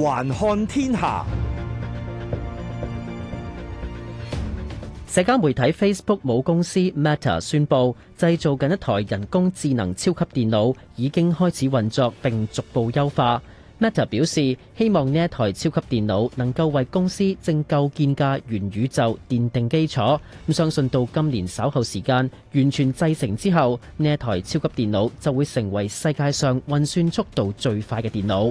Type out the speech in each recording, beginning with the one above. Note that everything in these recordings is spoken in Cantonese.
環看天下，社交媒體 Facebook 母公司 Meta 宣布，製造緊一台人工智能超級電腦已經開始運作，並逐步優化。Meta 表示，希望呢一台超級電腦能夠為公司正構建嘅元宇宙奠定基礎。咁相信到今年稍後時間，完全製成之後，呢一台超級電腦就會成為世界上運算速度最快嘅電腦。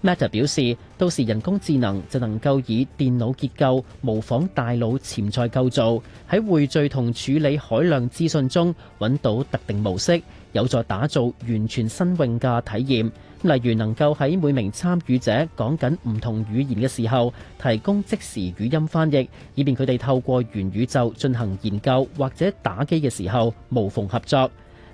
Meta 表示，到時人工智能就能夠以電腦結構模仿大腦潛在構造，喺匯聚同處理海量資訊中揾到特定模式，有助打造完全新穎嘅體驗。例如，能夠喺每名參與者講緊唔同語言嘅時候提供即時語音翻譯，以便佢哋透過元宇宙進行研究或者打機嘅時候無縫合作。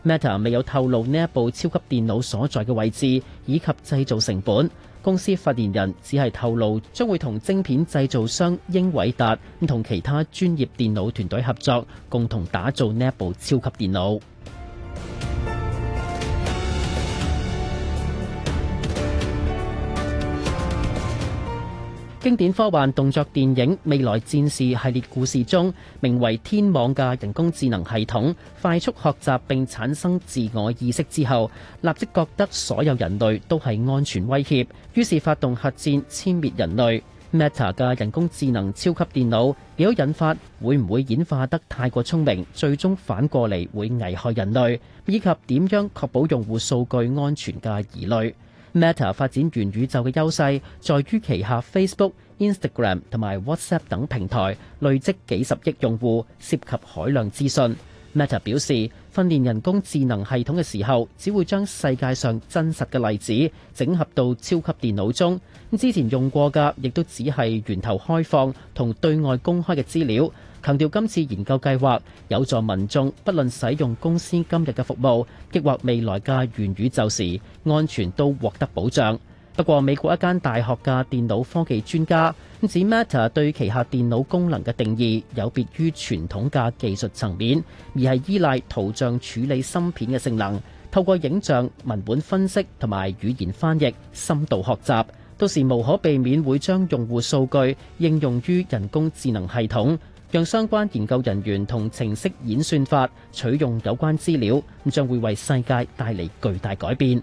Meta 未有透露呢一部超級電腦所在嘅位置以及製造成本。公司發言人只係透露，將會同晶片製造商英偉達同其他專業電腦團隊合作，共同打造呢部超級電腦。經典科幻動作電影《未來戰士》系列故事中，名為天網嘅人工智能系統快速學習並產生自我意識之後，立即覺得所有人類都係安全威脅，於是發動核戰殲滅人類。Meta 嘅人工智能超級電腦，亦都引發會唔會演化得太過聰明，最終反過嚟會危害人類，以及點樣確保用戶數據安全嘅疑慮。Meta 發展元宇宙嘅優勢，在於旗下 Facebook、Instagram 同埋 WhatsApp 等平台累積幾十億用戶，涉及海量資訊。Meta 表示，訓練人工智能系統嘅時候，只會將世界上真實嘅例子整合到超級電腦中。之前用過嘅，亦都只係源頭開放同對外公開嘅資料。強調今次研究計劃有助民眾，不論使用公司今日嘅服務，抑或未來嘅元宇宙時，安全都獲得保障。不過，美國一間大學嘅電腦科技專家指 Meta 對旗下電腦功能嘅定義有別於傳統嘅技術層面，而係依賴圖像處理芯片嘅性能，透過影像、文本分析同埋語言翻譯、深度學習，到時無可避免會將用戶數據應用於人工智能系統，讓相關研究人員同程式演算法取用有關資料，咁將會為世界帶嚟巨大改變。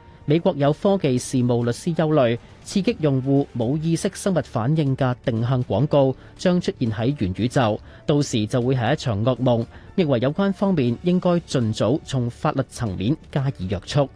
美國有科技事務律師憂慮刺激用戶冇意識生物反應嘅定向廣告將出現喺元宇宙，到時就會係一場噩夢，認為有關方面應該盡早從法律層面加以約束。